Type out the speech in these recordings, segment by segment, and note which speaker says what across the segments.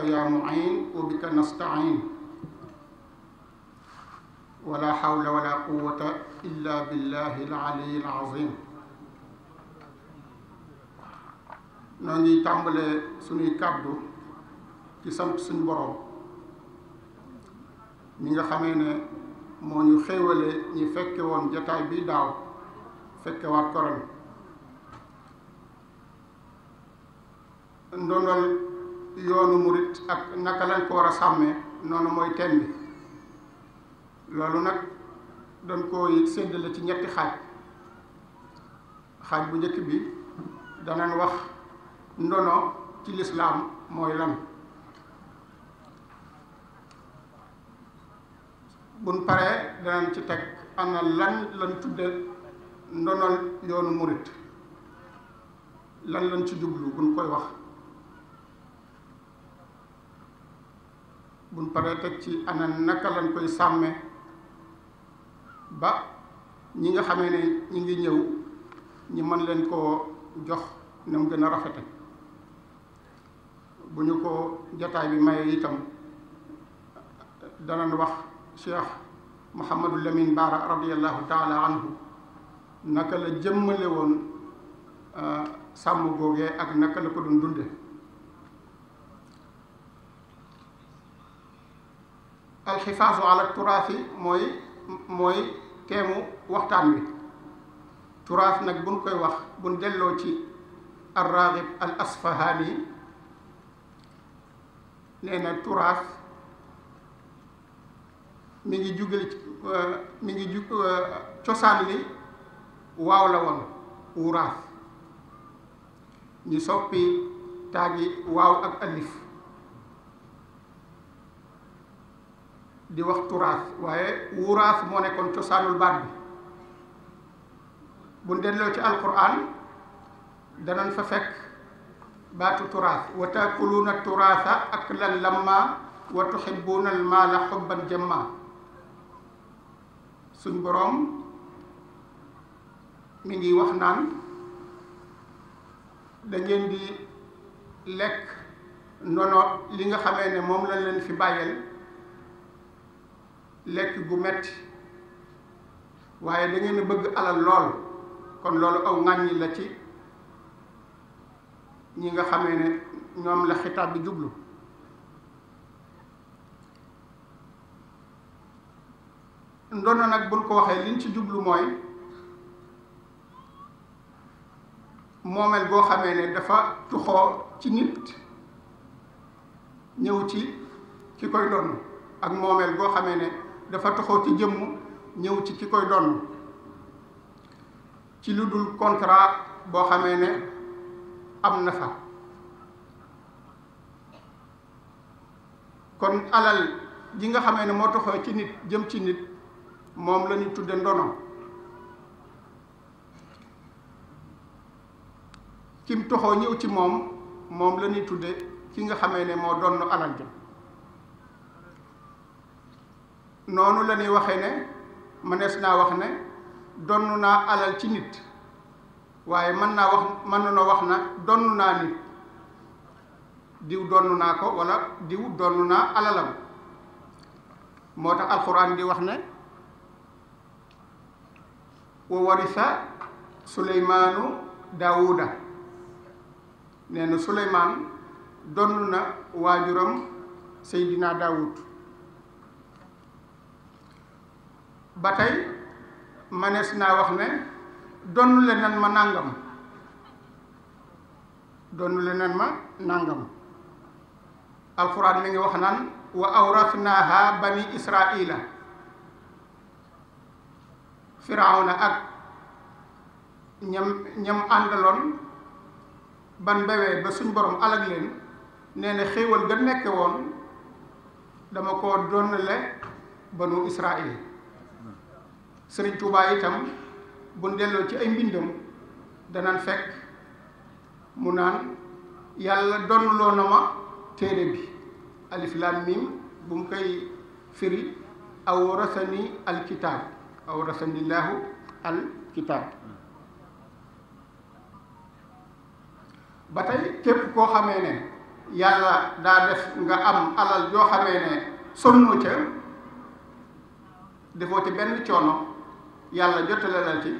Speaker 1: bika yaa muin wa bika nastain wala hawla wala quwata illa billahi al aliyi al azim noo ngi tàmbalee suñuy kàddu ci sant suñu borom ñi nga xamee ne moo ñu xéewale ñi fekke woon jataay bi daaw fekke waat koron ndondal yoonu murit ak naka lañ ko war a sàmmee noonu mooy thème bi loolu nag dañ koy séddale ci ñetti xaaj xaaj bu njëkk bi danañ wax ndono ci lislaam mooy lan buñ paree danañ ci teg ana lan lañ tudde ndonol yoonu murit lan lañ ci jublu buñ koy wax buñ paree teg ci ana naka lañ koy sàmme ba ñi nga xamee ne ñi ngi ñëw ñi mën leen koo jox na mu gën a rafete bu ñu ko jataay bi maye itam danañ wax Cheikh Mouhamadou Lamine Bara radiallahu taala anhu naka la jëmmale woon euh, sàmm googee ak naka la ko doon dunde alxifaasu ala turaas yi mooy mooy teemu waxtaan wi turaas nag buñ koy wax buñ delloo ci arraagib al asfahaani nee na turaas mi ngi jugal eh, mi ngi jug eh, cosaan li waaw la woon wuraas ñu soppi taagi waaw ak alif di wax turaas waaye wuraas moo nekkoon cosaanul baat bi bu delloo ci alquran danañ fa fekk baatu turaas wa taakuluuna turaasa aklan lamma wa tuhibbuuna almaala xubban jamma suñ boroom mu ngi wax naan da di lekk ndono li nga xamee ne moom lañ leen fi bàyyeel lekk gu metti waaye da bëgg alal lool kon loolu aw ŋàññi la ci ñi nga xame ne ñoom la xitaab bi jublu ndono nag buñ ko waxee liñ ci jublu mooy moomeel boo xame ne dafa tuxoo ci nit ñëw ci ci koy doon ak moomeel boo xamee ne dafa toxoo ci jëmm ñëw ci ki koy donn ci lu dul contrat boo xamee ne am na fa kon alal ji nga xamee ne moo toxoo ci nit jëm ci nit moom la ñu tudde ndono kim toxoo ñëw ci moom moom la ñuy tudde ki nga xamee ne moo donn alal ja noonu la ñuy waxee ne mënees naa wax ne donn naa alal ci nit waaye mën naa wax mën na wax na donn naa nit diw donn naa ko wala diw donn naa alalam moo tax alxuraan di wax ne wa warisa suleymaanu daawuda nee suleymaan donn na waajuram seydina daawud ba tey mënees naa wax ne donnu le ma nàngam donn le ma nàngam alquran mi ngi wax naan wa awrafnaha bani israila firawna ak ñam ñam àndaloon ban bewee ba suñ borom alag leen nee na xéewal ga nekke woon dama ko donnale banu israil sëriñ Touba itam bu delloo ci ay mbindam danaan fekk mu naan yàlla donnloo na ma téere bi alif lam mim bu mu koy firi aw rasani alkitaab aw rasanillahu alkitaab ba tey képp koo xamee ne yàlla daa def nga am alal joo xamee ne sonnoo ca defoo ci benn coono yàlla jotale na ci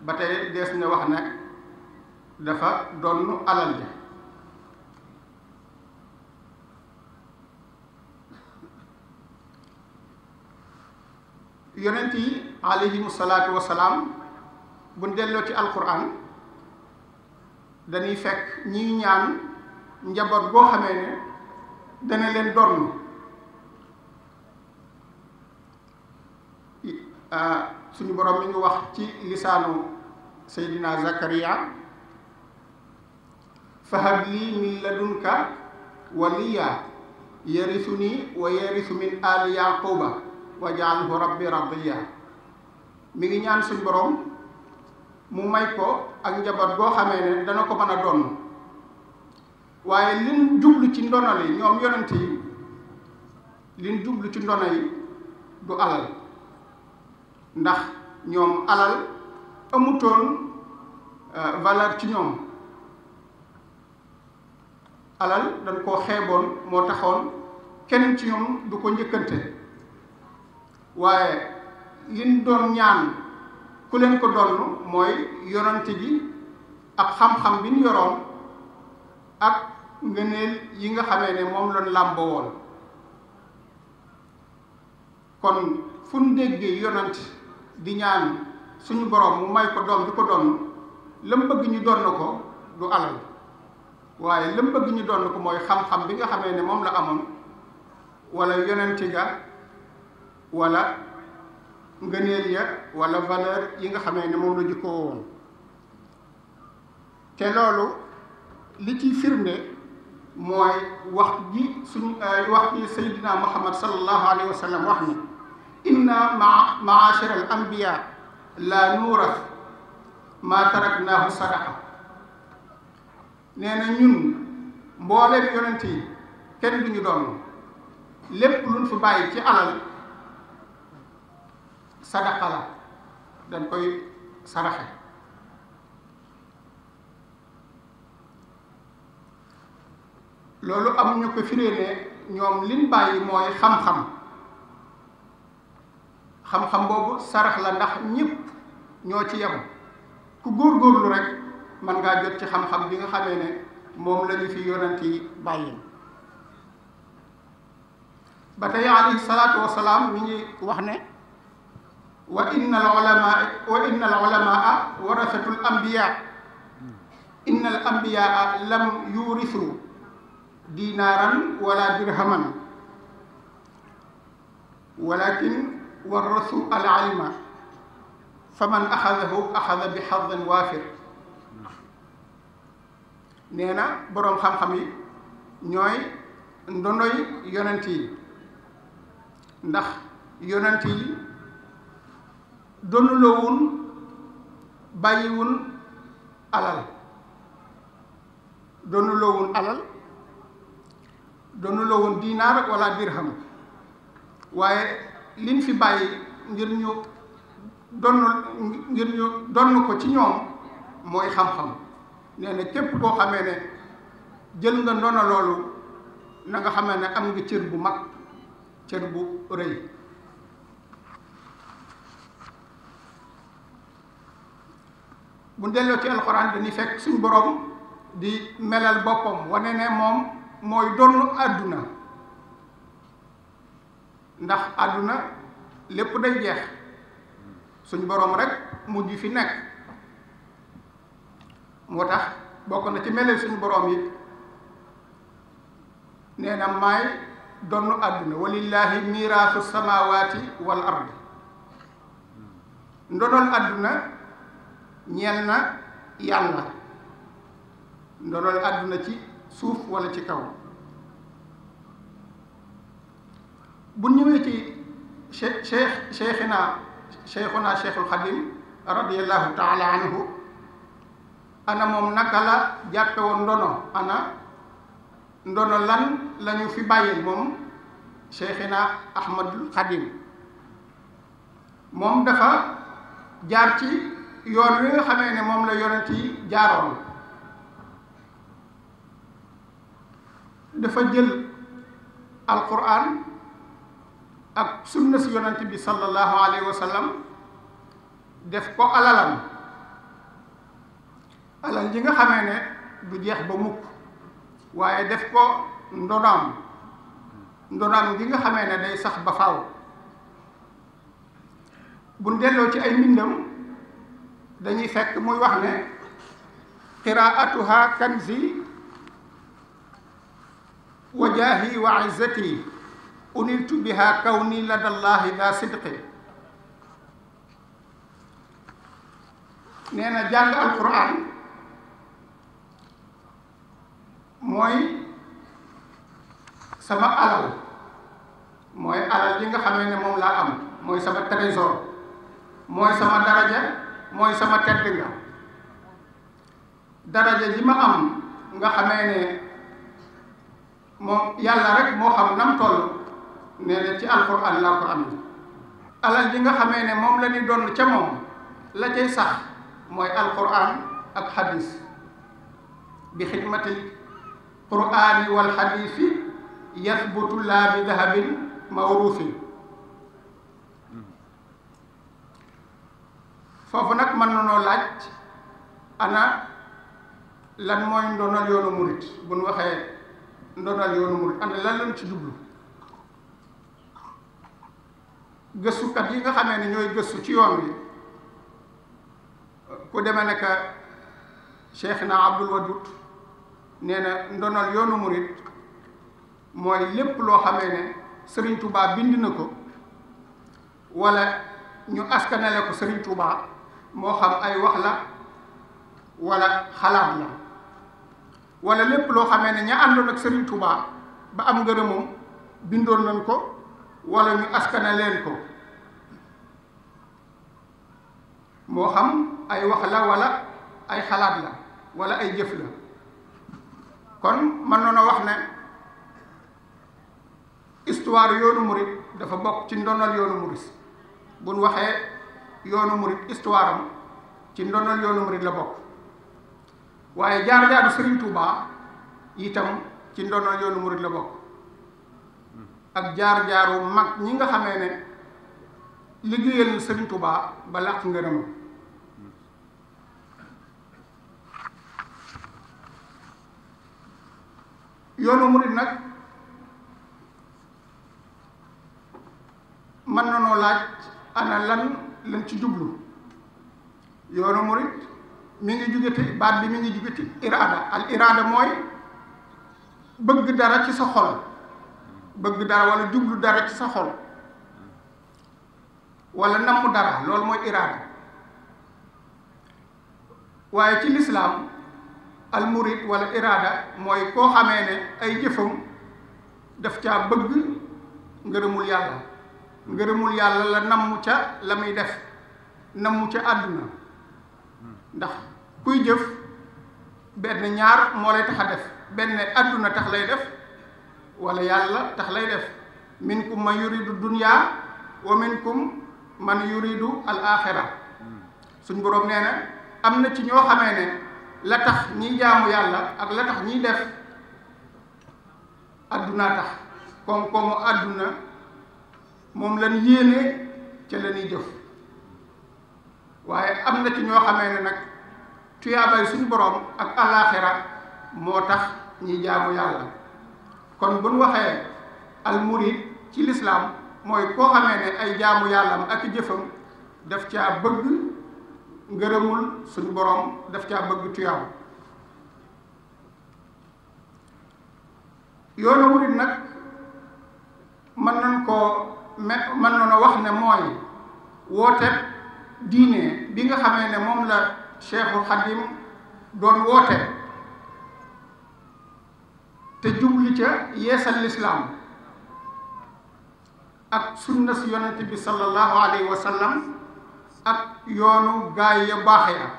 Speaker 1: ba tey dees na wax nag dafa donn alal ji yonent yi alayhimu salaatu wasalaam bu ñu delloo ci alquran dañuy fekk ñuy ñaan njaboot boo xamee ne dana leen donn suñu borom mi ngi wax ci lisaanu Seydina Zakaria fahab lii min ladunka waliya yarisu nii wa yarisu min aali yaquba wajaalhu rabbi radiya mi ngi ñaan suñu borom mu may ko ak njaboot boo xamee ne dana ko mën a doon waaye liñ jublu ci ndono li ñoom yonent yi liñ jublu ci ndono yi du alal ndax ñoom alal amutoon euh, valeur ci ñoom alal dañ koo xeeboon moo taxoon keneen ci ñoom du ko njëkkante waaye liñ doon ñaan ku leen ko doon mooy yonante gi ak xam-xam bi ñu yoroon ak ngëneel yi nga xamee ne moom lañ làmboo woon kon fu ñu déggee yonante di ñaan suñu borom mu may ko doom di ko doon la mu bëgg ñu doon ko du alal waaye la mu bëgg ñu doon ko mooy xam-xam bi nga xamee ne moom la amoon wala yonenti ga wala ngëneel ya wala valeur yi nga xamee ne moom la jikkoo woon te loolu li ci firnde mooy wax ji suñu wax ji Seydina Muhammad sallallahu alayhi wa wax ni inna maa maachar al anbiya la nuuras maa taraknaahu sadaqa nee na ñun mbooleem yonent yi kenn duñu doon lépp luñ fi bàyyi ci alal sadaqa la dañ koy saraxe loolu amuñu ko firée ne ñoom liñ bàyyi mooy xam-xam xam-xam boobu sarax la ndax ñëpp ñoo ci yem ku góor góorgóorlu rek mën ngaa jot ci xam-xam bi nga xamee ne moom la fi yonent bàyyi ba tey alayhi salaatu wasalaam mi ngi wax ne wa inna al ulama wa inna al ulamaa warasatul ambiya lam yurisu dinaaran wala dirhaman walakin warasu al alima fa man axadahu axada bi xadin waafir nee na boroom xam-xam yi ñooy ndonoy yonent ndax yonent yi donulowun bàyyiwun alal donulowun alal donulowun dinaar wala dirham waaye liñ fi bàyyi ngir ñu donn ngir ñu donn ko ci ñoom mooy xam-xam nee na képp koo xamee ne jël nga ndono loolu nanga nga xamee ne am nga cër bu mag cër bu rëy bu delloo ci alxuraan dañuy fekk suñ boroom di melal boppam wane ne moom mooy donn àdduna ndax àdduna lépp day jeex suñ boroom rekk mu mujj fi nekk moo tax bokk na ci meleel suñu boroom yi nee na maay donnu àdduna walillahi miraasu samaawaati wal ard ndonol àdduna ñeen na yàlla ndonol àdduna ci suuf wala ci kaw bu ñëwee ci che cheikh cheikhina cheikhuna cheikhul xadim radiallahu taala anhu ana moom naka la jàppe ndono ana ndono lan la fi bàyyil moom naa ahmadul xadim moom dafa jaar ci yoon wi nga xam ne moom la yonent ci jaaroon dafa jël alquran ab sunna si yonent bi sallallahu alayhi wa sallam def ko alalam alal ji nga xamee ne du jeex ba mukk waaye def ko ndonaam ndonaam gi nga xamee ne day sax ba faaw bu delloo ci ay mbindam dañuy fekk muy wax ne qiraatuha kanzi wa jaahi wa izzati uniltu biha kawni ladallahi daa sidqi nee na jàng alquran mooy sama alal mooy alal li nga xamee ne moom laa am mooy sama trésor mooy sama daraja mooy sama tedd nga daraja ji ma am nga xamee ne moom yàlla rek moo xam nam toll nee na ci alxuraan laa ko bi alal ji nga xamee ne moom la doon ca moom la cay sax mooy alxuraan ak xadis bi xidmatil quraani wal xadisi yasbutu laa bi dahabin mawruusin foofu nag mën na noo laaj ana lan mooy ndonal yoonu murit bu nu waxee ndonal yoonu murit ana lan lañ ci jublu gëstukat yi nga xamee ne ñooy gëstu ci yoon wi ku demee ne ka Cheikh na Abdul Wadud nee na ndonal yoonu murit mooy lépp loo xamee ne Serigne Touba bind na ko wala ñu askanale ko Serigne Touba moo xam ay wax la wala xalaat la wala lépp loo xamee ne ña àndoon ak Serigne Touba ba am ngërëmam bindoon nañ ko. wala ñu askana leen ko moo xam ay wax la wala ay xalaat la wala ay jëf la kon mën noona wax ne histoire yoonu murit dafa bokk ci ndonal yoonu murit bu nu waxee yoonu murit histoire am ci ndonal yoonu murit la bokk waaye jaar-jaaru Serigne Touba itam ci ndonal yoonu murit la bokk ak jaar-jaaru mag ñi nga xame ne liggéeyal Sëriñ Tuubaa ba làq ngërëm yoonu murit nag mën na noo laaj ana lan lañ ci jublu yoonu murit mi ngi jugati baat bi mi ngi jugati iraada al iraada mooy bëgg dara ci sa xol bëgg dara wala jublu dara ci sa xol wala namm dara loolu mooy iraada waaye ci lislaam al murid wala iraada mooy koo xamee ne ay jëfam daf caa bëgg ngërëmul yàlla ngërëmul yàlla la namm ca la muy def namm ca àdduna ndax kuy jëf benn ñaar moo lay tax def benn àdduna tax lay def wala yàlla tax lay def minkum man yuridu dunya wa minkum man yuridu al axira suñ boroom nee na am na ci ñoo xamee ne la tax ñiy jaamu yàlla ak la tax ñiy def adduna tax koom-koomu adduna moom lañ yéene ca la jëf waaye am na ci ñoo xamee ne nag tuyaabay suñ boroom ak alaaxira moo tax ñiy jaamu yàlla kon buñ waxee almurid ci lislaam mooy koo xamee ne ay jaamu yàllam ak jëfam daf caa bëgg ngërëmul suñu borom daf caa bëgg tuyaaw yoonu murid nag mën nañ koo me mën nañoo wax ne mooy woote diine bi nga xamee ne moom la Cheikhul Khadim doon woote te jublu ca yeesal lislaam ak sunna si yonent bi sallallahu alayhi wa ak yoonu gaay ya baaxe ya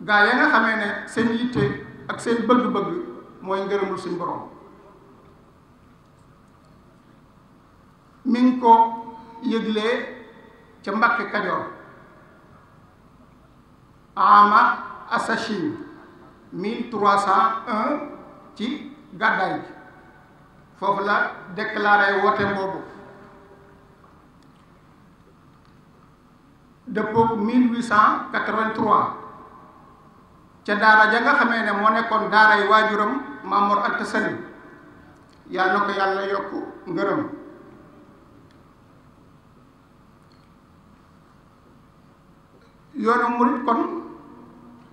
Speaker 1: gaay ya nga xamee ne seen yitte ak seen bëgg-bëgg mooy ngërëmul suñ borom mi ngi ko yëglee ca Mbàkke Kajoor ama asachine 1301 ci gàddaay bi foofu la déclaré woote boobu dëppook ca daara jaa nga xamee ne moo nekkoon daaray waajuram Maamoor Anta Sali yàlla nga ko yàlla yokk ngërëm yoonu murit kon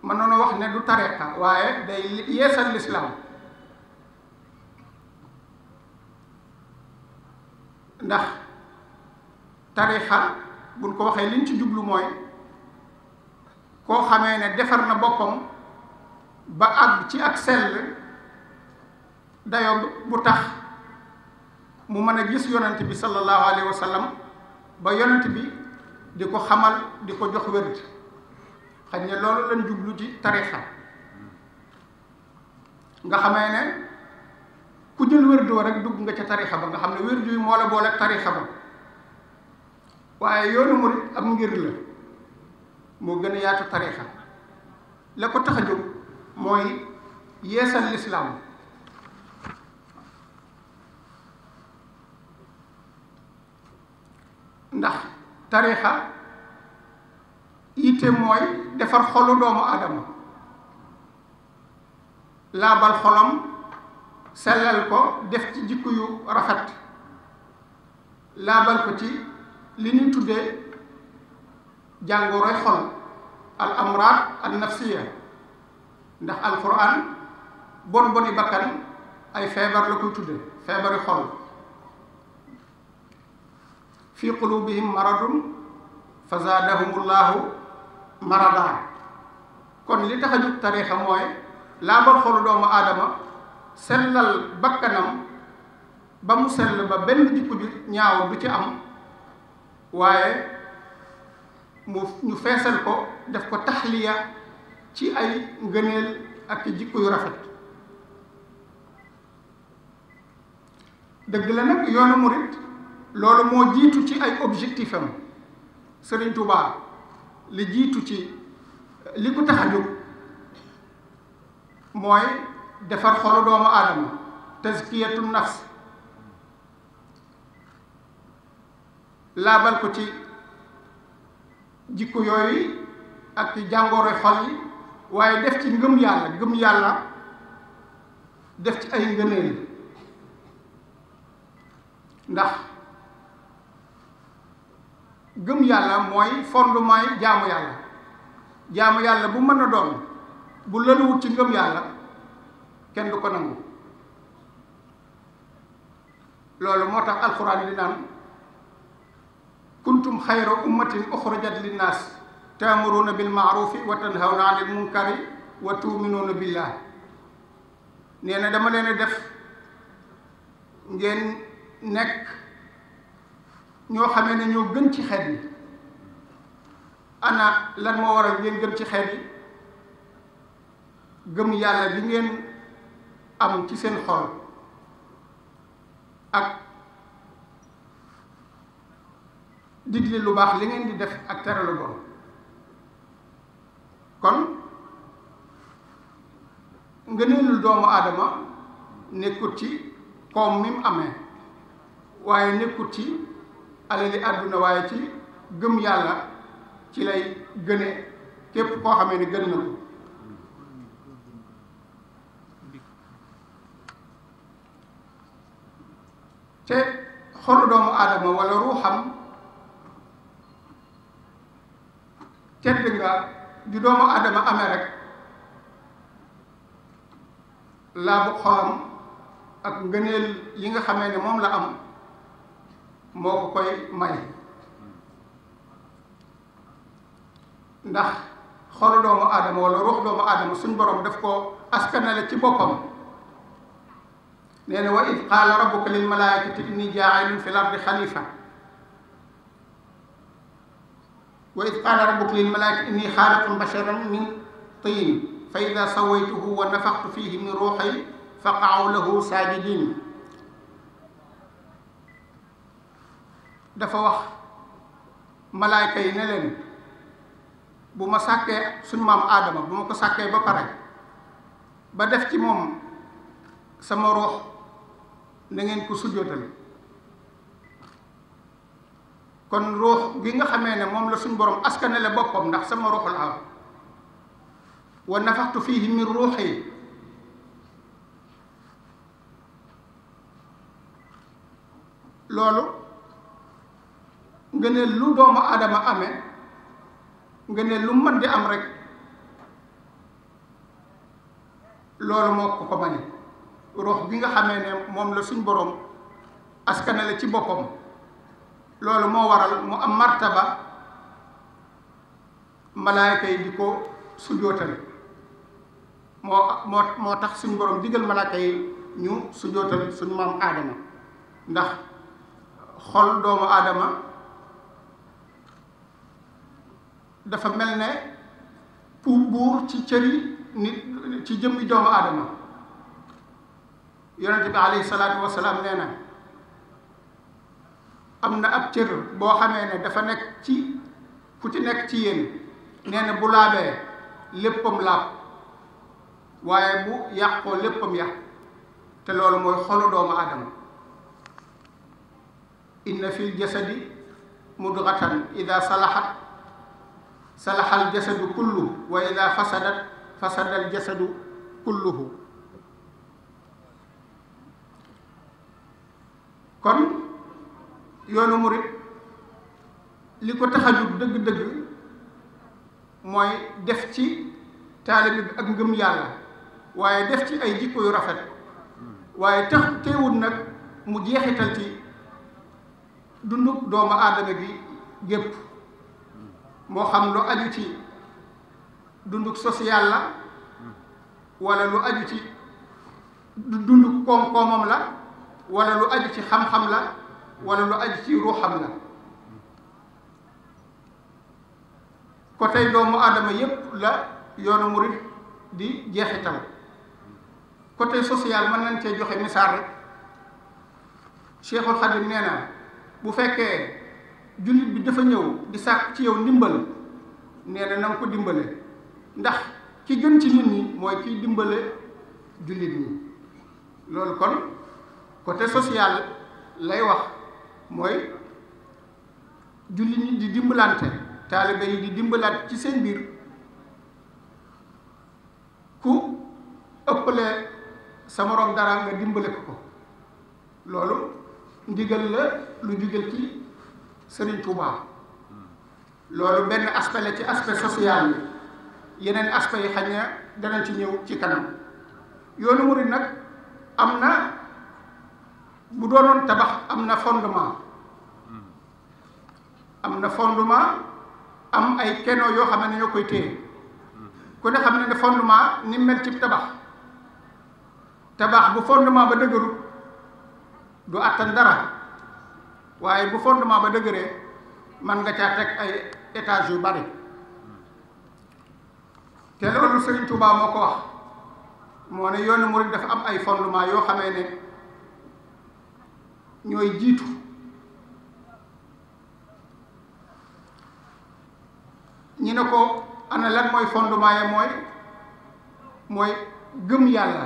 Speaker 1: mën noonu wax ne du tariqa waaye day yeesal lislaam ndax tarixa buñ ko waxee liñ ci jublu mooy koo xamee ne defar na boppam ba àgg ci ak sell dayo bu tax mu mën a gis yonent bi sallallahu alayhi wa sallam ba yonent bi di ko xamal di ko jox wérd xañ ne loolu lañ jublu ci tarixa nga xamee ne ku jël wérdoo rek dugg nga ca tarixa ba nga xam ne wérdu yi moo la boole tarixa ba waaye yoonu murit am ngir la moo gën a yaatu tarixa la ko tax a jóg mooy yeesal lislaam ndax tarixa yitte mooy defar xolu doomu aadama laabal xolam sellal ko def ci jikko yu rafet laabal ko ci li ñuy tuddee jàngoroy xol al amraad al nafsiya ndax alquran bon boni bakkan ay feebar la koy tudde feebari xol fi qulubihim maradun fa zaadahumullahu marada kon li tax a jug tariixa mooy laabal xolu doomu aadama sellal bakkanam ba mu sell ba benn jikko ju ñaaw du ci am waaye mu ñu feesal ko def ko taxliya ci ay ngëneel ak jikko yu rafet dëgg la nag yoonu murit loolu moo jiitu ci ay objectif am Sëriñ Tuubaa li jiitu ci li ko tax a mooy defar xolu doomu aadama tazkiyatu nafs laabal ko ci jikko yooyu ak ci jàngoro xol yi waaye def ci ngëm yàlla ngëm yàlla def ci ay ngëneel ndax gëm yàlla mooy fondement yi jaamu yàlla jaamu yàlla bu mën a doon bu lëluwut ci ngëm yàlla kenn du ko nangu loolu moo tax alxuraan li naan kuntum xayra ummatin uxrijat linnaas taamuruuna bil maarufi wa tanhawna anil munkari wa tuuminuuna billah nee na dama leen def ngeen nekk ñoo xamee ne ñoo gën ci xeet yi ana lan moo waral ngeen gën ci xeet yi gëm yàlla bi ngeen am ci seen xol ak digle lu baax li ngeen di def ak tere lu bon kon ngëneelul doomu aadama nekkut ci pom mi mu amee waaye nekkut ci alali àdduna waaye ci gëm yàlla ci lay gëne képp koo xamee ne gën na te xolu doomu aadama wala ruuxam tedd nga di doomu aadama amee rek laabu xolam ak ngëneel yi nga xamee ne moom la am moo ko koy may ndax xolu doomu aadama wala ruux doomu aadama suñ borom daf ko askanale ci boppam nee na wa id qaala rabbuka lil malaikati inni jaailun fi l ardi xalifa wa id qaala rabbuka lil malaikati inni xaaliqun basharan min tiin fa ida sawaytuhu wa nafaxtu fihi min ruuxi fa qaaw lahu saajidin dafa wax malaayka yi ne leen bu ma sàkkee suñ maam aadama bu ma ko sàkkee ba pare ba def ci moom sama ruux na ngeen ko sujjootal kon ruux gi nga xamee ne moom la suñ borom askanale boppam ndax sama ruuxul am wa nafaxtu fiihi min ruuxi loolu nga ne lu doomu aadama amee nga ne lu mën di am rek loolu moo ko ko bañe rox bi nga xamee ne moom la suñ boroom la ci boppam loolu moo waral mu am martaba malaayka yi di ko sujootal moo moo moo tax suñ boroom digal malaayka yi ñu sujootal suñ maam aadama ndax xol doomu aadama dafa mel ne pour buur ci cëri nit ci jëmmi doomu aadama yonente bi alayhi salaatu wasalaam nee na am na ab cër boo xamee ne dafa nekk ci ku ci nekk ci yéen nee na bu laabee léppam laab waaye bu yàqoo léppam yàq te loolu mooy xolu doomu aadama inna fil jasadi mudghatan ida salaxat salaxal jasadu kulluhu wa ida fasadat fasadal jasadu kulluhu kon yoonu murit li ko dëgg-dëgg mooy def ci taalibe ak ngëm yàlla waaye def ci ay jikko yu rafet waaye tax teewul nag mu jeexital ci dundu doomu aadama bi gépp moo xam lu aju ci dunduk social la wala lu aju ci dunduk koom-koomam la wala lu aju ci xam-xam la walla lu aju ci ruuxam la ko tey doomu aadama yépp la yoonu murit di jeexital côté social mën nañ cee joxe misaal rek Cheikhul Khadim nee na bu fekkee jullit bi dafa ñëw di sàkk ci yow ndimbal nee na na ko dimbale ndax ki gën ci nit ñi mooy kiy dimbale jullit ñi loolu kon côté social lay wax mooy jullit ñi di dimbalante taalibe yi di dimbalante ci seen biir ku ëppale sa moroom dara nga dimbale ko loolu ndigal la lu jugal ci Sëriñ Tuubaa loolu benn aspect la ci aspect social yi yeneen aspect yi xañ na danañ ci ñëw ci kanam yoonu murid nag am na bu doonoon tabax am na fondement am na ma am ay keno yoo xam ne ñoo koy téye ku ne xam ne ne fondement ni mel ci tabax tabax bu fondement ba dëgëru du attan dara waaye bu fondement ba dëgëree man nga caa teg ay étage yu bari te loolu Sëriñ Tuubaa moo ko wax moo ne yoonu murid dafa am ay fondement yoo xamee ne ñooy jiitu ñu ne ko ana lan mooy fondement ya mooy mooy gëm yàlla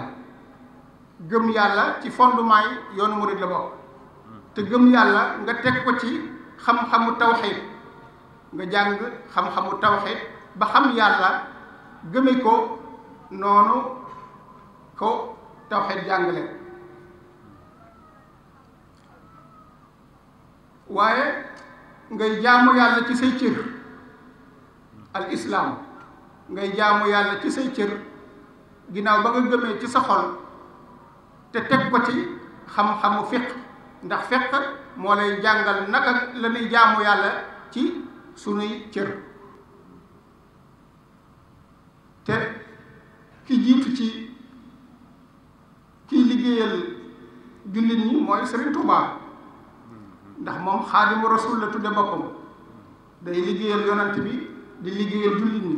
Speaker 1: gëm yàlla ci fondement yi yoonu murid la bokk te gëm yàlla nga teg ko ci xam-xamu tawxiid nga jàng xam-xamu tawxiid ba xam yàlla gëme ko noonu ko tawxiid jàngale waaye ngay jaamu yàlla ci say cër al islaam ngay jaamu yàlla ci say cër ginnaaw ba nga gëmee ci sa xol te teg ko ci xam-xamu fiq ndax fiq moo lay jàngal naka la ñuy jaamu yàlla ci sunuy cër te ki jiitu ci kiy liggéeyal jullit ñi mooy Sëriñ Tuubaa ndax moom xaadimu rasul la tudde day liggéeyal yonant bi di liggéeyal jullit ñi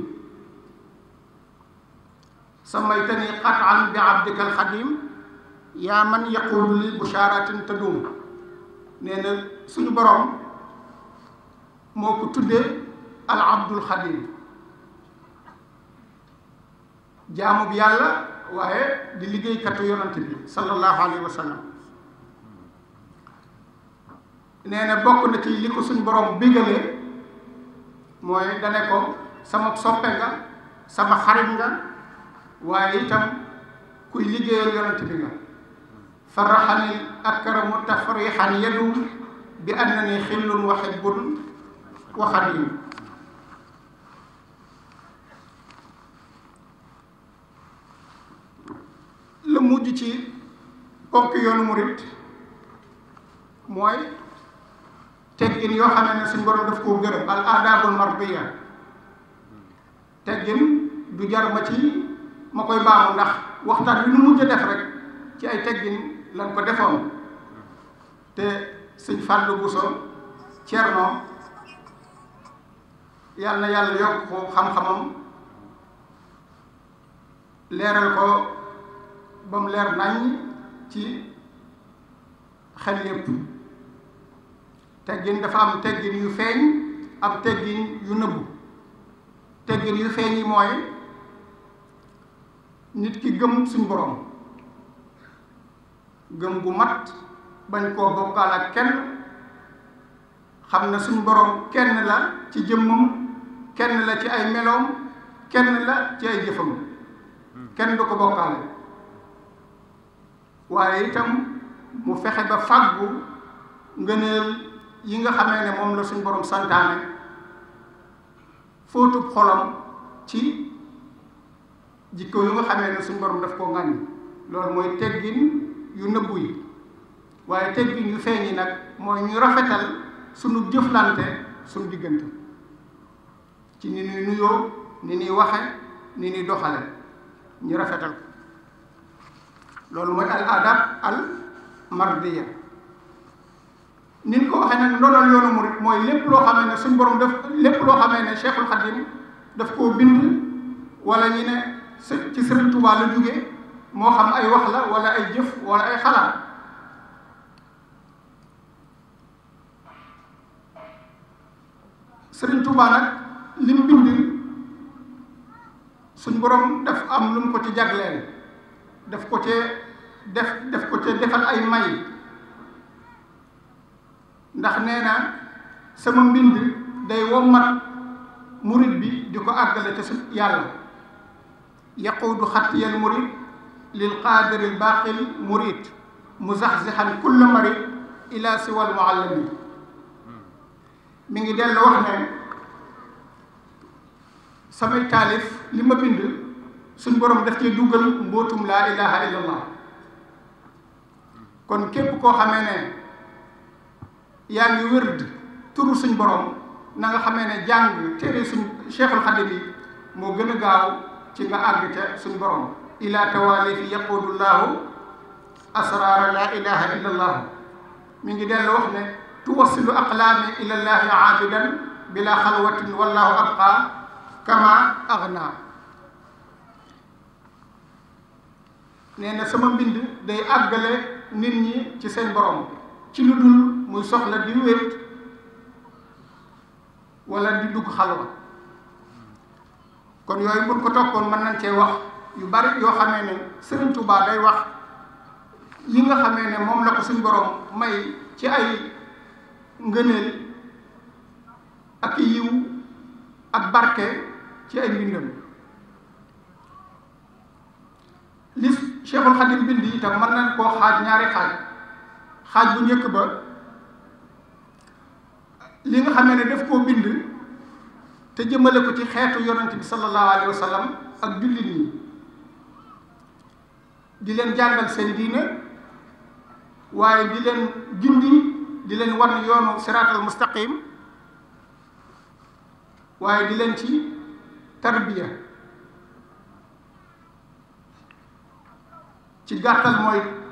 Speaker 1: samaytani qataan bi abdika alxadim yaa man yaqulu li busharatin tadum nee suñu borom moo ko tuddee al abdul xadim jaamu yàlla waaye di liggéeykatu yonant bi sallallahu alayhi wa nee na bokk na ci li ko suñ borom bégalee mooy dane ko sama soppe nga sama xarit nga waaye itam kuy liggéeyal yonent bi nga faraxani akramu tafrixan yadu bi annani xillun wa xibbun wa xadim la mujj ci ponk yoonu murit mooy teggin yoo xamee ne suñ borom daf koo gërëm al aadaabul marbiya teggin du jar ma ci ma koy baamu ndax waxtaan wi nu mujj def rek ci ay teggin lañ ko defoon te sëñ Fallou Bousso Thierno yàlla na yàlla yokk ko xam-xamam leeral ko ba mu leer nañ ci xel yépp teggin dafa am teggin yu feeñ am teggin yu nëbbu teggin yu feeñ yi mooy nit ki gëm suñ borom gëm gu mat bañ koo bokkaal ak kenn xam na suñ borom kenn la ci jëmmam kenn la ci ay meloom kenn la ci ay jëfam kenn du ko bokkaale waaye itam mu fexe ba fàggu ngëneel yi nga xamee ne moom na suñ borom santaane fóotub xolam ci jikko yu nga xamee ne suñ borom daf koo ŋàññ loolu mooy teggin yu nëbbu yi waaye teggin yu feeñ yi nag mooy ñu rafetal suñu jëflante suñu diggante ci ni ñuy nuyoo ni ñuy waxe ni ñuy doxale ñu rafetal loolu mooy al adab al mardiya nit ñu ko waxee nag ndonal yoonu murit mooy lépp loo xamee ne suñ borom daf lépp loo xamee ne Cheikhul Khadim daf koo bind walla ñu ne ci Sëriñ Tuubaa la moo xam ay wax la wala ay jëf wala ay xalaat Sëriñ Tuubaa nag li mu bind suñ borom daf am lu mu ko ci jagleel daf ko cee def daf ko cee defal ay may ndax nee naa sama mbind day wommat murit bi di ko àggale ca su yàlla yaquudu xattiyal murit lil qaadiril baaqil murit muzaxzixan kulla marit ila siwal muallami mi ngi dellu wax ne taalif li ma bind suñ borom daf cee dugal mbootum laa ilaha illallah kon képp koo xamee yaa ngi wërd turu suñ borom na nga xamee ne jàng téere suñ cheikhul xadim moo gën a gaaw ci nga àgg ca suñ borom ila tawalifi yaqudullaahu asrara la ilaha illa allah ngi dellu wax ne tuwassilu aqlaami ila llaahi aabidan bila xalwatin wallahu abqa kama agna nee na sama mbind day àggale nit ñi ci seen borom ci lu dul muy soxla di wéet walla di dugg xalwa kon yooyu buñ ko toppoon man nañ cee wax yu bari yoo xamee ne Serigne Touba day wax li nga xamee ne moom la ko suñ borom may ci ay ngëneel ak yiw ak barke ci ay mbindam li Cheikhul Khadim bind itam mën nañ koo xaaj ñaari xaaj xaaj bu njëkk ba li nga xamee ne def koo bind te jëmale ko ci xeetu yonent bi sallallahu alayhi ak jullit ñi di leen jàngal seen diine waaye di leen gindi di leen wan yoonu siraatal mustaqim waaye di leen ci tarbiya ci gàttal mooy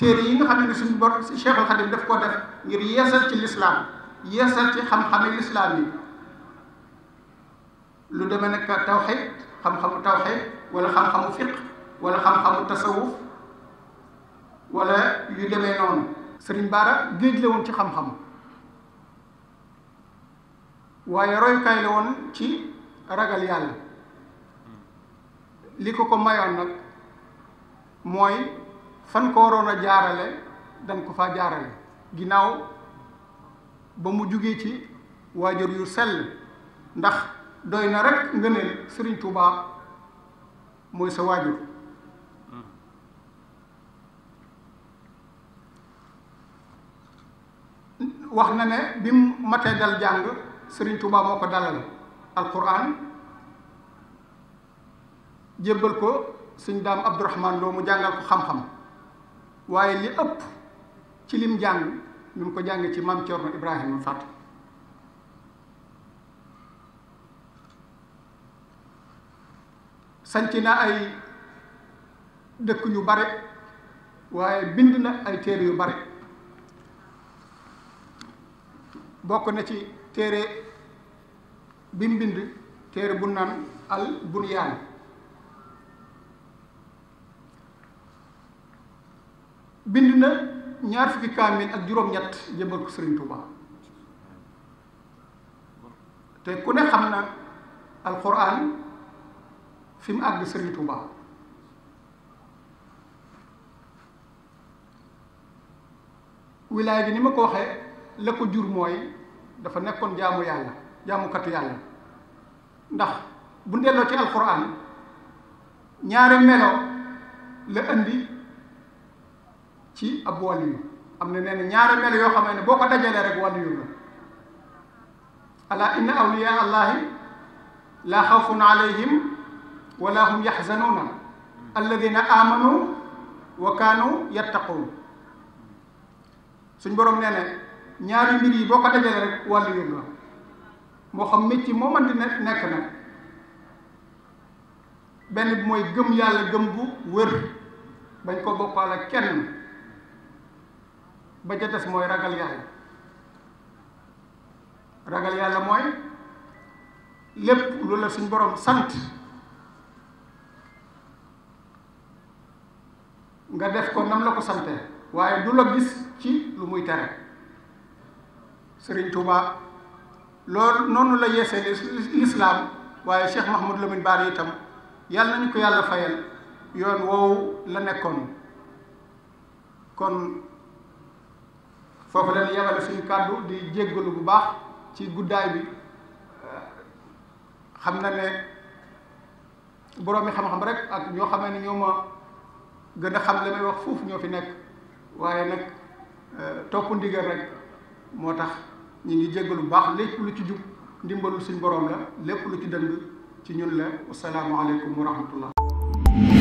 Speaker 1: téere yi nga xam ne suñu bor Cheikhul Khadim daf koo def ngir yeesal ci lislaam yeesal ci xam-xami lislaam yi lu demee nag tawxiid xam-xamu tawxiid wala xam-xamu fiq wala xam-xamu tasawuf wala yu demee noonu sëriñ Baara géej la woon ci xam-xam waaye roykaay la woon ci ragal yàlla li ko ko mayoon nag mooy fan ko waroon a jaarale dañ ko faa jaarale ginnaaw ba mu jugee ci waajur yu sell ndax doy na rek nga ne Sëriñ Tuubaa mooy sa wax na ne bi mu jàng Sëriñ Tuubaa moo ko dalal alquran jébbal ko sëñ daam Abdourahman loo mu jàngal ko xam-xam waaye li ëpp ci lim jàng ñu ngi ko jàng ci maam Thierno Ibrahima Faty sanc na ay dëkk yu bare waaye bind na ay téere yu bare bokk na ci téere bi mu bind téere bu naan al bunyaan bind na ñaar fukki kaamil ak juróom-ñett jëmbal ko Serigne Touba te ku ne xam na alquran fi àgg Serigne Touba wilaay bi ni ma ko waxee la ko jur mooy dafa nekkoon jaamu yàlla jaamukatu yàlla ndax bu ndelloo ci alquran ñaari melo la andi ci ab wàllu yu am na nee na ñaari yoo xam ne boo ko dajalee rek wàllu yu la ala inna awliya allahi laa xawfun alayhim wala hum yaxzanuuna alladina amanu wa kaanu yattaquun suñ borom nee na ñaari mbir yi boo ko dajalee rek wàllu yu moo xam métti moo mën di nekk nag benn bi mooy gëm yàlla gëm bu wër bañ ko bokkaale kenn. ba ca des mooy ragal yàlla ragal yàlla mooy lépp lu la suñ borom sant nga def ko nam la ko sante waaye du la gis ci lu muy tere Sëriñ Tuuba loolu noonu la yeesee lislaam waaye Cheikh Mahmoud Lamine Baar itam yàlla nañu ko yàlla fayal yoon woowu la nekkoon kon foofu leen yemale suñu kàddu di jéggalu bu baax ci guddaay bi xam na ne borom mi xam-xam rek ak ñoo xamee ni ñoo gën a xam li may wax foofu ñoo fi nekk waaye nag e, topp ndigal rek moo tax ñu ngi jéggalu bu baax lépp lu ci jub ndimbalul suñu borom la lépp lu ci dëng ci ñun la wasalaamualeykum wa rahmatullah